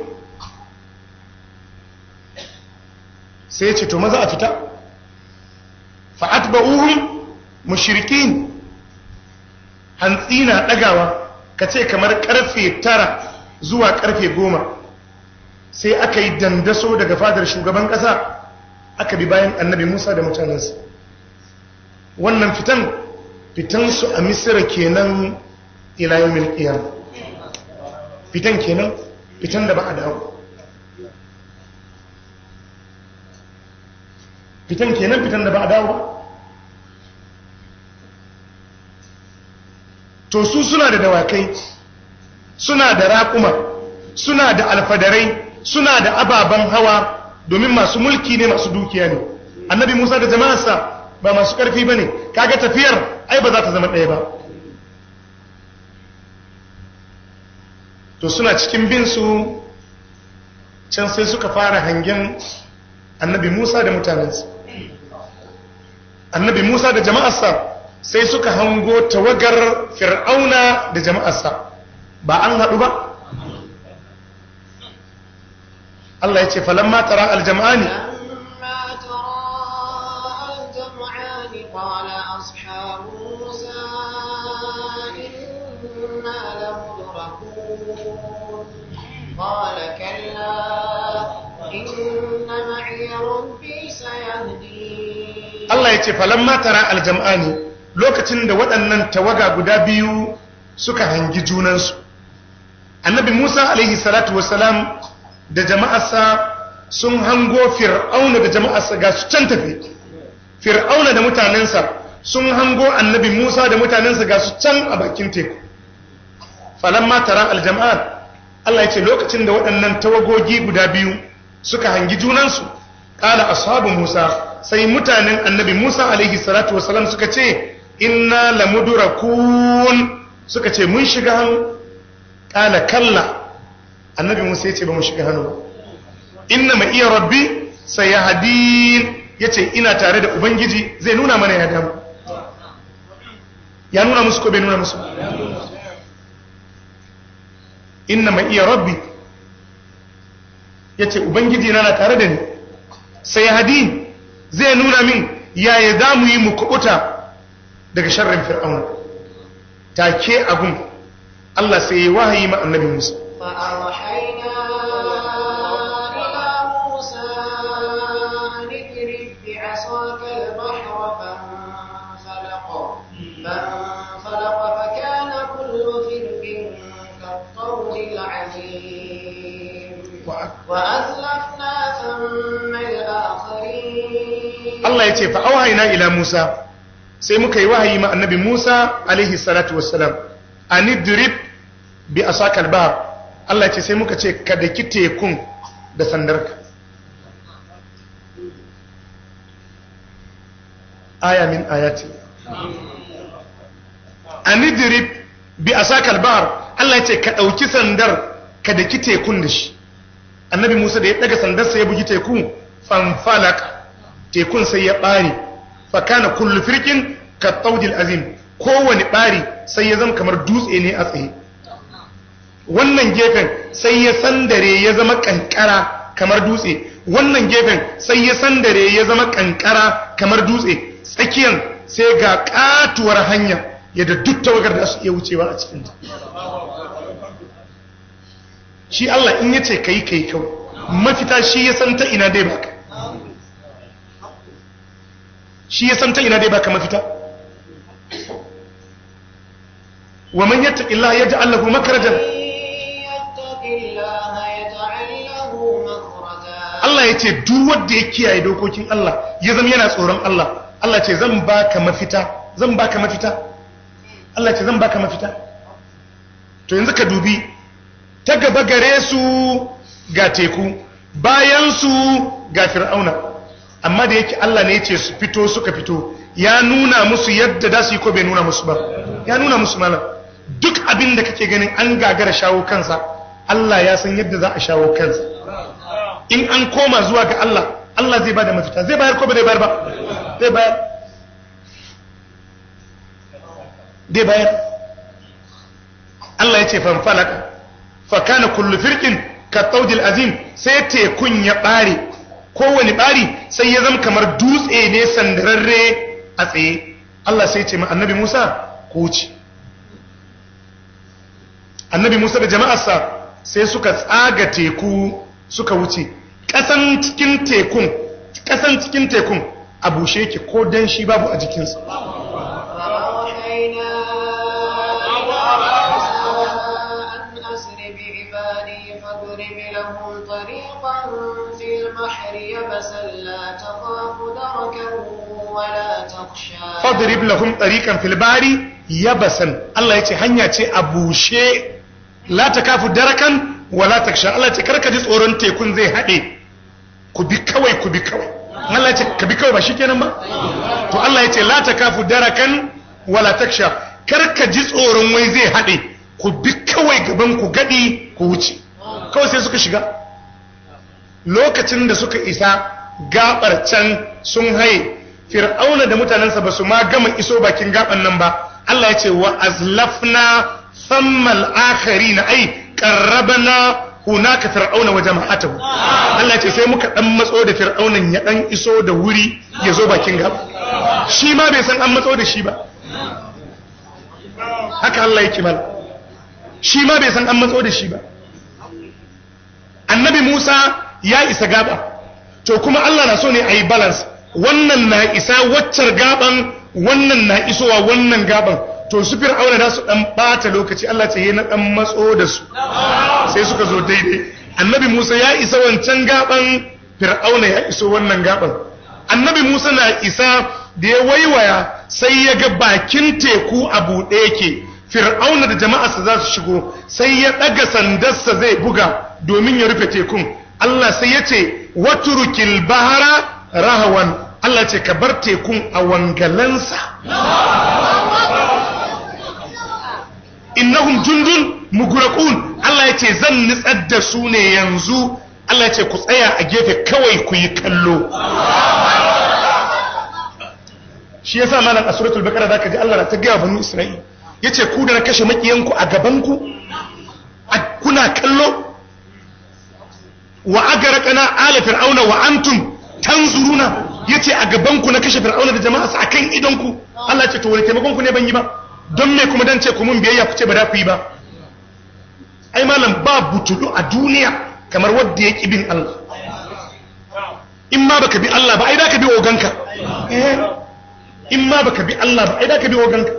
sai ce to maza a fita fa'atba'uhum mushrikin hantsi na ɗagawa ka ce kamar ƙarfe tara zuwa ƙarfe goma sai aka yi dandaso daga fadar shugaban ƙasa aka bi bayan annabi musa da mutanensa wannan fitan fitansu a misira kenan ilayen milkiyar fitan kenan fitan da ba a dawo fitan kenan fitan da ba a dawo to su suna da dawakai suna da raƙuma suna da alfadarai suna da ababen hawa domin masu mulki ne masu dukiya ne annabi musa da jama'arsa ba masu karfi ba ne kaga tafiyar ai ba za ta zama ɗaya ba to suna cikin bin su can sai suka fara hangen annabi musa da mutanensu annabi musa da jama'arsa sai suka hango tawagar fir'auna da jama'arsa ba an haɗu ba Allah ya ce falamma tara aljam'ani Allah ya ce معي ربي سيهدين الله lokacin da waɗannan tawaga guda biyu suka hangi junansu annabi musa alaihi salatu wasalam da jama'arsa sun hango fir'auna da jama'arsa ga su can tafi fir'auna da mutanensa sun hango annabi musa da mutanensa ga su can a bakin teku falamma tara aljama'at allah ya ce lokacin da waɗannan tawagogi guda biyu suka hangi junansu ƙala ashabu musa sai mutanen annabi musa alaihi salatu wasalam suka ce inna lamudurakun suka ce mun shiga hannu ƙala kalla annabi musa ya ce ba mu shiga hannu ba inna ma iya rabbi sai ya ya ce ina tare da ubangiji zai nuna mana ya damu ya nuna musu ko bai nuna musu inna ma iya rabbi ya ce ubangiji na na tare da ni sayahdin zai nuna min yaya yi damu yi mu kubuta daga sharrin fir'auna take abin Allah sai ya wahayi ma annabi Musa فأوحينا إلى موسى أن اضرب بعصاك البحر فانفلق فانفلق فكان كل فرق كالطود العظيم وأزلفنا ثم الآخرين الله يتي فأوحينا إلى موسى sai muka yi wahayi ma annabi Musa alaihi salatu wassalam anidrib bi asakal bahr Allah ce sai muka ce ka daki tekun da sandarka aya min ayati anidrib bi asakal bahr Allah ya ce ka dauki sandar ka daki tekun da shi annabi Musa da ya daga sandar sa ya bugi teku Fanfalaka, tekun sai ya bare fa kana kullu firqin ka tawdil azim kowani bari sai ya zama kamar dutse ne a tsaye wannan gefen sai ya sandare ya zama kankara kamar dutse wannan gefen sai ya sandare ya zama kankara kamar dutse tsakiyan sai ga katuwar hanya yadda duk tawagar da su iya wucewa a cikin ta shi Allah in yace kai kai kawai mafita shi ya san ta ina dai baka shi ya santa ina dai ka mafita wa man illa yaj'al lahu makrajan Allah ya ce duk wanda ya kiyaye dokokin Allah ya zama yana tsoron Allah Allah ce zan baka mafita zan baka mafita Allah ce zan baka mafita to yanzu ka dubi ta gaba gare su ga teku bayan su ga fir'auna amma da yake Allah ne ya ce su fito suka fito ya nuna musu yadda da su yi ko bai nuna musu ba ya nuna musu malam duk abin da kake ganin an gagara shawo kansa Allah ya san yadda za a shawo kansa in an koma zuwa ga Allah Allah zai bada mafita zai bayar ko ba zai bayar ba zai bayar zai bayar Allah ya ce fanfalak fa kana kullu firqin ka tawdil azim sai tekun ya bare Kowani bari sai ya zama kamar dutse ne sandararre a tsaye Allah sai ya ce ma annabi Musa ko wuce annabi Musa da jama'arsa sai suka tsaga teku suka wuce kasan cikin tekun kasan cikin tekun a bushe yake ko danshi babu a jikinsa فضرب لهم طريقا في البحر يبسا الله يتي هنيا تي ابوشي لا تكافوا دركا ولا تخشى الله يتي كركدي تورن تيكون زي هدي ku bi kawai ku bi kawai Allah ya ce ka bi kawai ba shikenan ba to Allah ya ce la takafu darakan wala taksha kar ka ji tsoron wai zai hade ku bi kawai gaban ku gadi ku wuce kawai sai suka shiga lokacin da suka isa gabar can sun haye fir'auna da mutanensa ba su ma gama iso bakin gaban nan ba Allah ya ce wa azlafna thammal akhirin ai qarrabna hunaka fir'auna wa jama'atahu Allah ce sai muka dan matso da fir'aunan ya dan iso da wuri ya zo bakin gaba shi ma bai san an matso da shi ba haka Allah ya mal shi ma bai san an matso da shi ba annabi Musa ya isa gaba to kuma Allah na so ne ayi balance wannan na isa waccar gaban wannan na isowa wannan gaban to su fir'auna da su dan bata lokaci Allah ce yana dan matso da su sai suka zo daidai annabi musa ya isa wancan gaban fir'auna ya iso wannan gaban annabi musa na isa da ya waiwaya sai ya ga bakin teku a buɗe yake fir'auna da jama'arsa za su shigo sai ya ɗaga sandarsa zai buga domin ya rufe tekun allah sai ya ce waturukil bahara rahawan allah ce ka bar tekun a wangalansa innahum jundun mugurakun Allah ya ce zan nitsar da su ne yanzu Allah ya ce ku tsaya a gefe kawai ku yi kallo shi sa malam a suratul baqara zaka ji Allah ta ga banu isra'il ce ku da na kashe makiyanku a gabanku? ku kuna kallo wa kana ala fir'auna wa antum tanzuruna yace a gaban na kashe fir'auna da jama'a akan idon ku Allah ya ce to wani taimakon ku ne ban yi ba don me kuma dan ce ku mun biyayya ku ce ba da ku yi ba ai malam ba butudu a duniya kamar wadda ya bin Allah in ma baka bi Allah ba ai da ka bi oganka eh, in ma baka bi Allah ba ai da ka bi oganka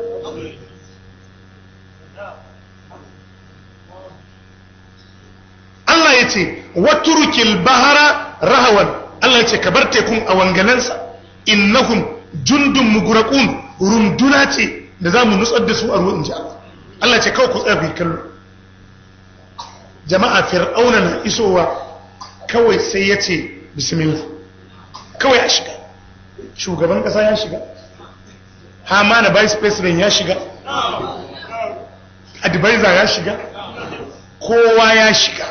Allah ya ce waturukil bahara rahawan Allah ya ce ka bar tekun a wangalansa innahum jundun muguraqun runduna ce da zamu nutsar da su a ruwan ji Allah Allah ya ce kawai ku tsaya ku kallo jama'a fir'auna na isowa kawai sai ya ce bismillah kawai ya shiga shugaban kasa ya shiga hama na vice president ya shiga advisor ya shiga kowa ya shiga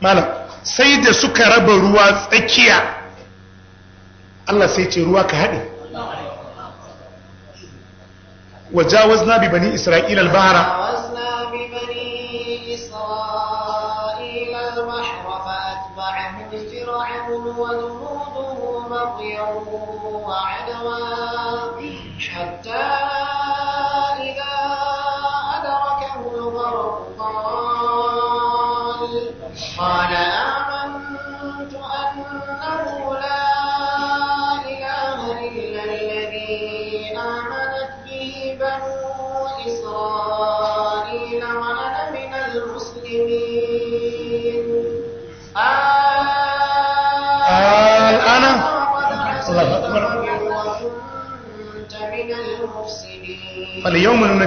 malam sai da suka raba ruwa tsakiya Allah sai ce ruwa ka haɗe wajawazna bi bani Isra'ilal al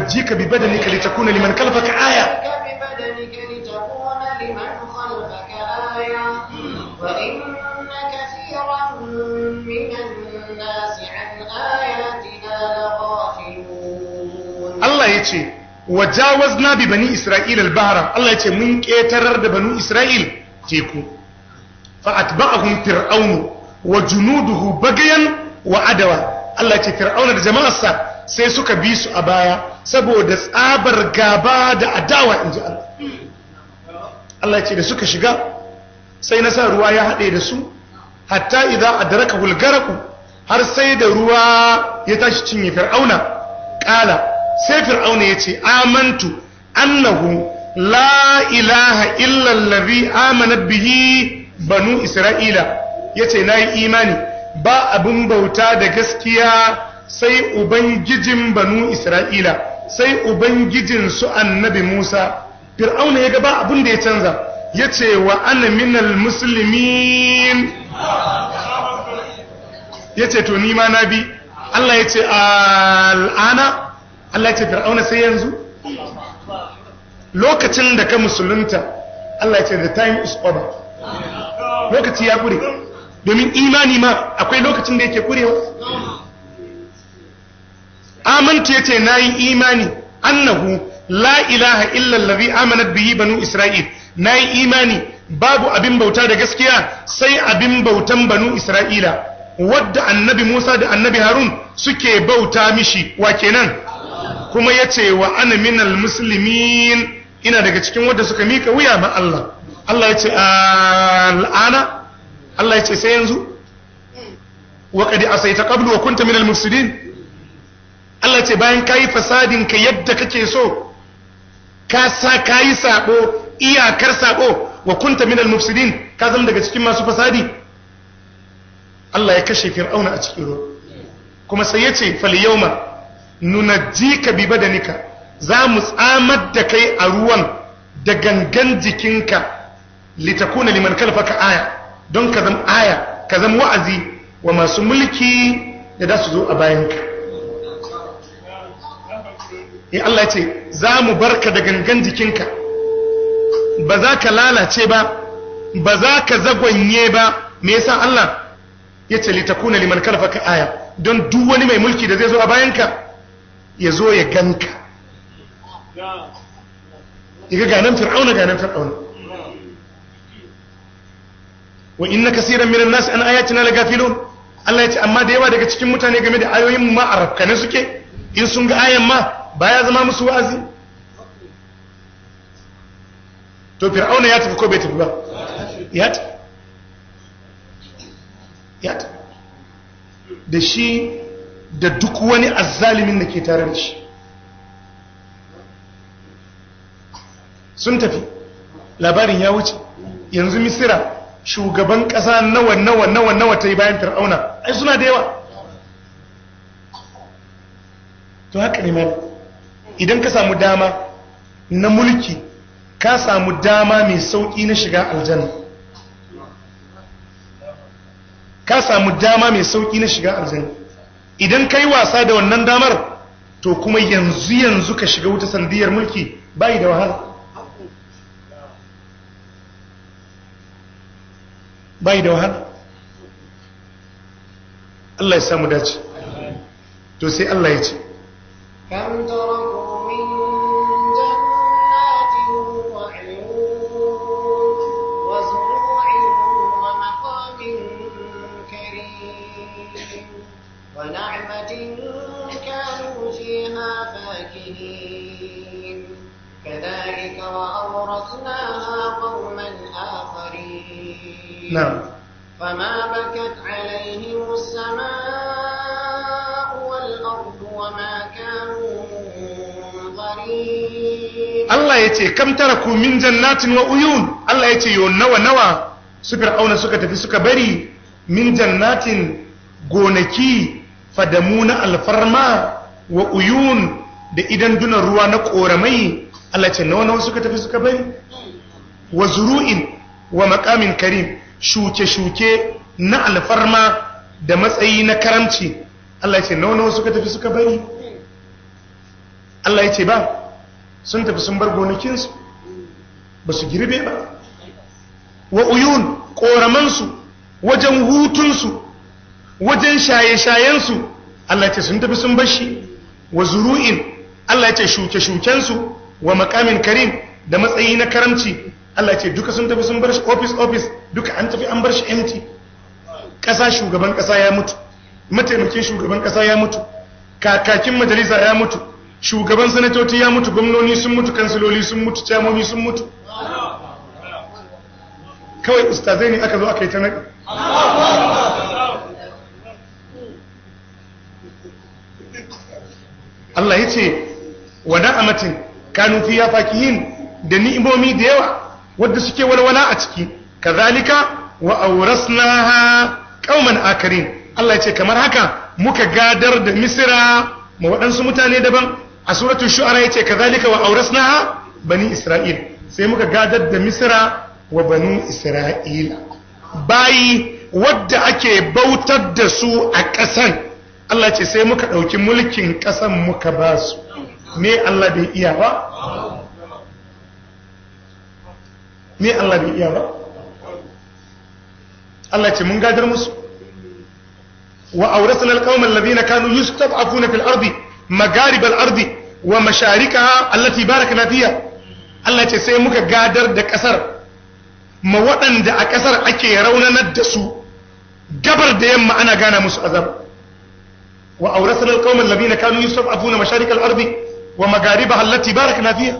ننجيك ببدنك لتكون لمن خلفك آية ببدنك لتكون لمن خلفك آية وإن كثيرا من الناس عن آياتنا لغافلون الله يتي وجاوزنا ببني إسرائيل البحر الله يتي من كيترر ببني إسرائيل تيكو فأتبعهم فرعون وجنوده بغيا وعدوا الله يتي فرعون da jama'arsa sai أبايا saboda tsabar gaba da adawa in ji Allah Allah ce da suka shiga sai na sa ruwa ya haɗe da su hatta idza daraka hulgaraku har sai da ruwa ya tashi cinye fir'auna ƙala. sai fir'auna ya ce, amantu annahu la ilaha illa allazi amana bihi banu isra'ila Ya yace yi imani ba abin bauta da gaskiya sai ubangijin banu isra'ila sai ubangijin su annabi Musa fir'auna ya gaba abin da ya canza yace wa ana minal muslimin yace to ni ma na bi Allah yace al'ana Allah yace fir'auna sai yanzu lokacin da ka musulunta Allah yace the time is over lokaci ya kure domin imani ma akwai lokacin da yake kurewa ce yace nayi imani annahu la ilaha illa allazi amanat bihi banu isra'il nayi imani babu abin bauta da gaskiya sai abin bautan banu isra'ila wadda annabi Musa da annabi Harun suke bauta mishi wa kenan kuma ce wa ana minal muslimin ina daga cikin wadda suka mika wuya ma Allah Allah ce al'ana Allah ce sai yanzu wa qad asaita qablu wa kunta minal mufsidin Allah ce bayan ka yi fasadin ka yadda kake so ka sa kayi sabo iyakar sabo wa kunta minal mufsidin ka zama daga cikin masu fasadi Allah ya kashe fir'auna a cikin ruwa kuma sai yace fal yawma nunajjika bi badanika za mu tsamar da kai a ruwan da gangan jikinka litakuna liman kalfaka aya don ka zama aya ka zama wa'azi wa masu mulki da za su zo a bayanka in eh, Allah ce za mu barka da gangan jikinka ba za ka lalace ba ba za ka zagwanye ba me yasa Allah ya ce takuna liman kalfaka aya don duk wani mai mulki da zai zo a bayanka ya zo ya ganka Iga ganan fir'auna ganan fir'auna wa inna kaseeran minan nas an ayatina gafilun Allah ya ce amma da yawa daga cikin mutane game da ayoyin ma arabkane suke in sun ga ayan ma baya zama musu wa'azi to fir'auna ya tafi ko bai tafi ba ya tafi ya tafi da shi da duk wani azzalimin da ke tare da shi sun tafi labarin ya wuce yanzu misira shugaban ƙasa nawa nawa nawa nawa ta yi bayan fir'auna ai suna da yawa to haka ne mai idan ka samu dama na mulki ka samu dama mai sauƙi na shiga aljanna ka samu dama mai sauƙi na shiga aljanna idan kai wasa da wannan damar to kuma yanzu yanzu ka shiga wuta sandiyar mulki bai da wahala bai da wahala Allah ya samu dace to sai Allah ya ce kam نعم فما بكت عليهم السماء والأرض وما كانوا منظرين الله يتي كم تركوا من جنات وعيون الله يتي يون نوى نوى سكر أونا سكة في سكة بري من جنات gonaki fadamu na alfarma wa uyun da idan dunan ruwa na koramai Allah ce nawa nawa suka tafi suka bari wa zuru'in wa makamin karim shuke-shuke na alfarma da matsayi na karamci Allah ya ce nawa suka tafi suka bari Allah ya ce ba sun tafi sun bar gonakinsu ba su girbe ba wa uyun ƙoramansu wajen hutunsu wajen shaye-shayensu Allah ya ce sun tafi sun bashi wa zuru'in Allah ya ce shuke-shukensu wa makamin karim da matsayi na karamci Allah ce duka sun tafi sun bar shi office office duka an tafi an bar shi empty ƙasa shugaban ƙasa ya mutu mataimakin shugaban ƙasa ya mutu kakakin majalisa ya mutu shugaban sanatoci ya mutu gwamnoni sun mutu kansiloli sun mutu camomi sun mutu kawai ustazai ne aka zo aka yi ta naɗi Allah ya ce wa na'amatin ya faki yin da ni'imomi da yawa wadda suke walwala a ciki kazalika wa awrasnaha qauman akarin Allah ya ce kamar haka muka gadar da misira ma waɗansu mutane daban a suratul shu'ara ya ce kazalika wa awrasnaha bani isra'il sai muka gadar da misira wa banu isra'ila bayi wadda ake bautar da su a ƙasan Allah ce sai muka ɗauki mulkin ƙasan muka ba su me Allah bai iya ba me Allah bai iya ba Allah ce mun gadar musu wa awrasna alqawma alladhina kanu yustad'afuna fil ardi magarib al ardi wa masharikaha allati barakna fiha Allah ce sai muka gadar da kasar ma waɗanda a kasar ake raunanar da su gabar da yamma ana gana musu azab wa awrasna alqawma alladhina kanu yustad'afuna masharik al ardi wa magaribaha allati barakna fiha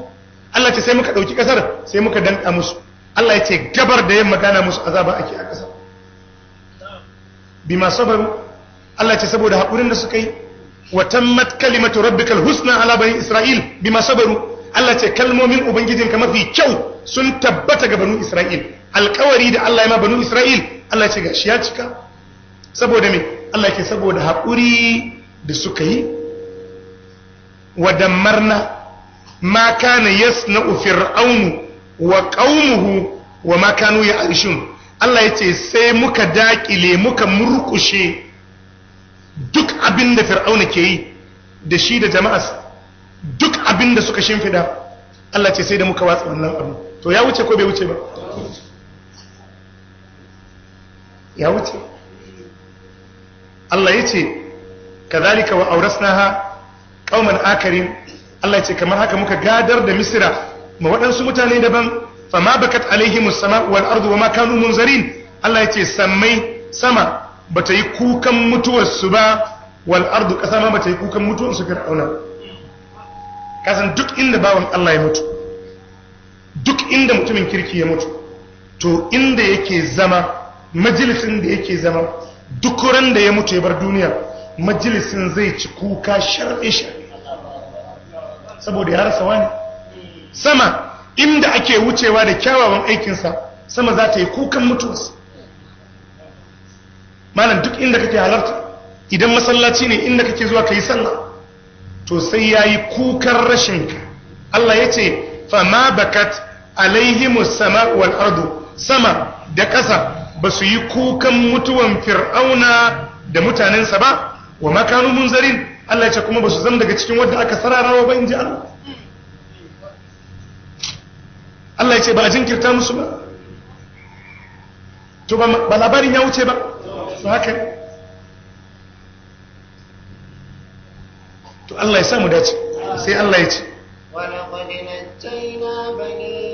Allah ce sai muka dauki kasar sai muka danka musu Allah ya ce gabar da ya magana musu azaba ake a ƙasa bima sabaru Allah ya ce saboda haƙurin da suka yi wa tammat kalimatu rabbikal husna ala bani isra'il bima sabaru Allah ya ce kalmomin ka mafi kyau sun tabbata ga banu isra'il alƙawari da Allah ya ma banu isra'il Allah ya ce gashi ya cika saboda me Allah ya ce saboda haƙuri da suka yi wa dammarna ma kana yasna'u fir'aunu wa qaumuhu wa ma kanu ya'ishun Allah ya ce sai muka daƙile muka murkushe duk abinda fir'auna ke yi da shi da jama'as duk abinda suka shimfida Allah ce sai da muka watsa wannan abu to ya wuce ko bai wuce ba ya wuce Allah yace kadhalika wa aurasnaha qauman akarin Allah ya ce kamar haka muka gadar da misira ma waɗansu mutane daban ma bakat alaihimus sama'u wal ardu wama kanu munzarin Allah ce sammai sama bata yi kukan mutuwarsu ba wal ardu kasa ma bata yi kukan mutuwar su auna. kasan duk inda bawan Allah ya mutu duk inda mutumin kirki ya mutu to inda yake zama majalisin da yake zama duk ran da ya mutu ya bar duniya majalisin zai ci kuka sharbe sharbe saboda ya rasa wani sama inda ake wucewa da kyawawan aikinsa sama za ta yi kukan mutuwarsa malam duk inda kake halarta idan masallaci ne inda kake zuwa ka yi sallah to sai ya yi kukan rashinka Allah ya ce fama bakat alaihimus sama wal ardu sama da ƙasa ba su yi kukan mutuwan fir'auna da mutanensa ba wa makanu munzarin Allah ya ce kuma ba su zama daga cikin wadda aka sararawa ba in ji Allah Allah ya ce ba a jinkirta musu ba to ba labarin ya wuce ba su haka to Allah ya samu dace sai Allah ya ce laqad najjayna bani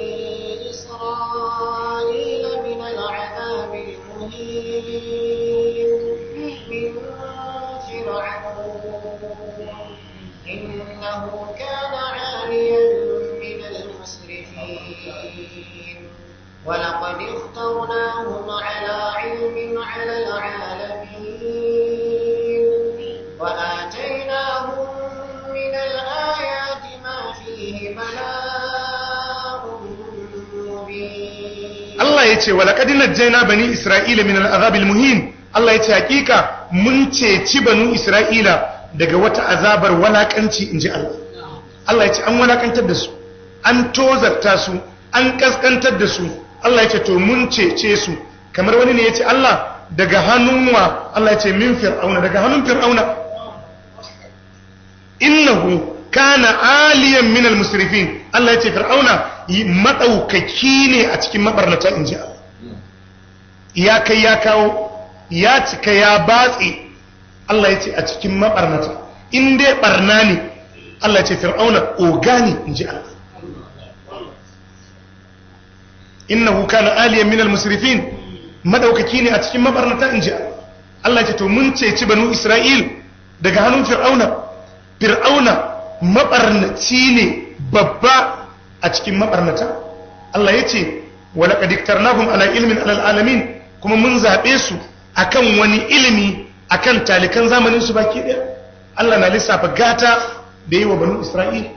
ولقد اخترناهم على علم على العالمين وآتيناهم من الآيات ما فيه بلاء مبين الله يتي ولقد نجينا بني إسرائيل من العذاب المهين Allah ya ce hakika mun ceci banu Isra'ila daga wata azabar walakanci in ji Allah. Allah ya ce an walakantar da su, an tozarta su, an ƙasƙantar da su, Allah ya ce to mun cece su kamar wani ne ya ce Allah daga hannun wa Allah ya ce min fir'auna daga hannun fir'auna innahu kana aliyan min musrifin Allah ya ce fir'auna madaukaki ne a cikin mabarnata inji Allah ya kai ya kawo ya cika ya batsi Allah ya ce a cikin mabarnata in dai barna ne Allah ya ce fir'auna oga ne inji Allah innahu kana aliyan minal musrifin madaukaki ne a cikin mabarnata inji Allah ce to mun ceci banu Isra'il daga hannun fir'auna fir'auna mabarnaci ne babba a cikin mabarnata Allah ya ce laqad iktarnahum ala ilmin alal alamin kuma mun zabe su akan wani ilimi akan talikan zamanin su baki daya Allah na lissafa gata da yi wa banu Isra'il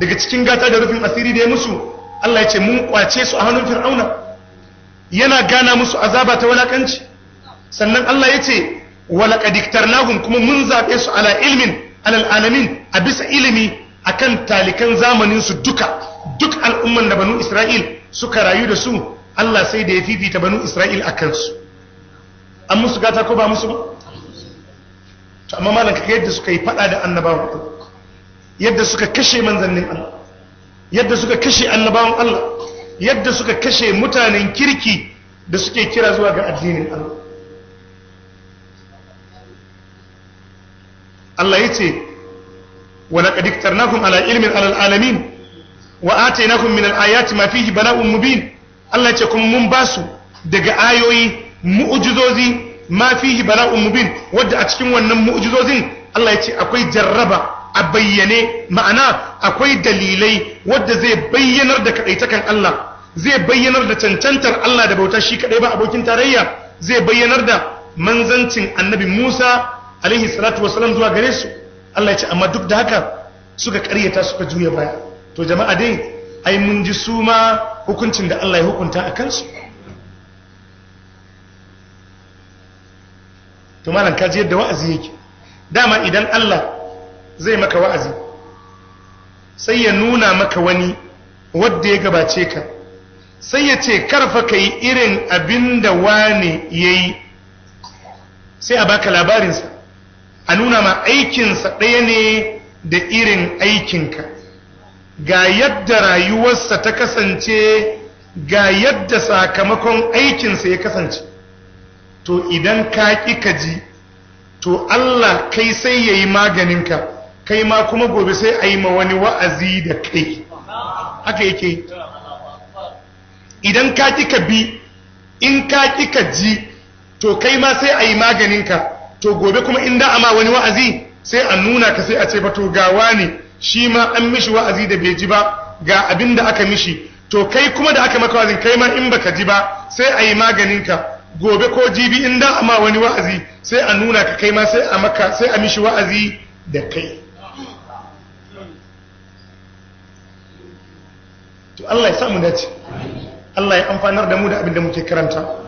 daga cikin gata da rufin asiri da ya musu Allah ya ce mun kwace su a hannun fir'auna yana gana musu azaba ta walakanci sannan Allah ya ce walaqad iktarnahum kuma mun zabe su ala ilmin alal alamin a bisa ilimi akan talikan zamanin su duka duk al'umman da banu Isra'il suka rayu da su Allah sai da ya fifita banu Isra'il a kansu. an musu gata ko ba musu ba to amma malanka yadda suka yi fada da annabawa yadda suka kashe manzannin Allah yadda suka kashe annabawan Allah yadda suka kashe mutanen kirki da suke kira zuwa ga addinin Allah Allah ya yace wa laqad iktarnakum ala ilmin ala alamin wa atainakum min alayati ma fihi bala'un mubin Allah ya ce kuma mun basu daga ayoyi mu'jizozi ma fihi bala'un mubin wanda a cikin wannan mu'jizozin Allah ya ce akwai jarraba a bayyane ma'ana akwai dalilai wadda zai bayyanar da kaɗaitakan Allah zai bayyanar da cancantar Allah da bauta shi kaɗai ba abokin tarayya zai bayyanar da manzancin annabi Musa alaihi salatu wasalam zuwa gare su Allah ya ce amma duk da haka suka ƙaryata suka juya baya to jama'a dai ai mun ji su ma hukuncin da Allah ya hukunta a kansu to malam kaji yadda wa'azi yake dama idan Allah zai maka wa'azi sai ya nuna maka wani wadda ya gabace ka sai ya ce karfa ka yi irin abin da wane ya yi sai a baka labarinsa a nuna ma aikinsa ɗaya ne da irin aikinka ga yadda rayuwarsa ta kasance ga yadda sakamakon aikinsa ya kasance to idan ka ƙi ka ji to Allah kai sai ya yi maganinka kai ma kuma gobe sai a yi ma wani wa'azi da kai haka yake idan ka kika bi in ka kika ji to kai ma sai a yi maganinka to gobe kuma in da ama wani wa'azi sai a nuna ka sai a ce to gawa ne shi ma an mishi wa'azi da bai ji ba ga abin da aka mishi to kai kuma da aka maka wa'azin kai ma in baka ji ba sai a yi maganinka gobe ko jibi in da ama wani wa'azi sai a nuna ka kai ma sai a maka sai a mishi wa'azi da kai to Allah ya samu dace Allah ya amfanar da mu da abin da muke karanta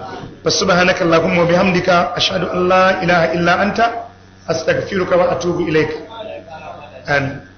subhanaka allahumma wa bihamdika ashhadu an la ilaha illa anta astaghfiruka wa atubu ilaik amin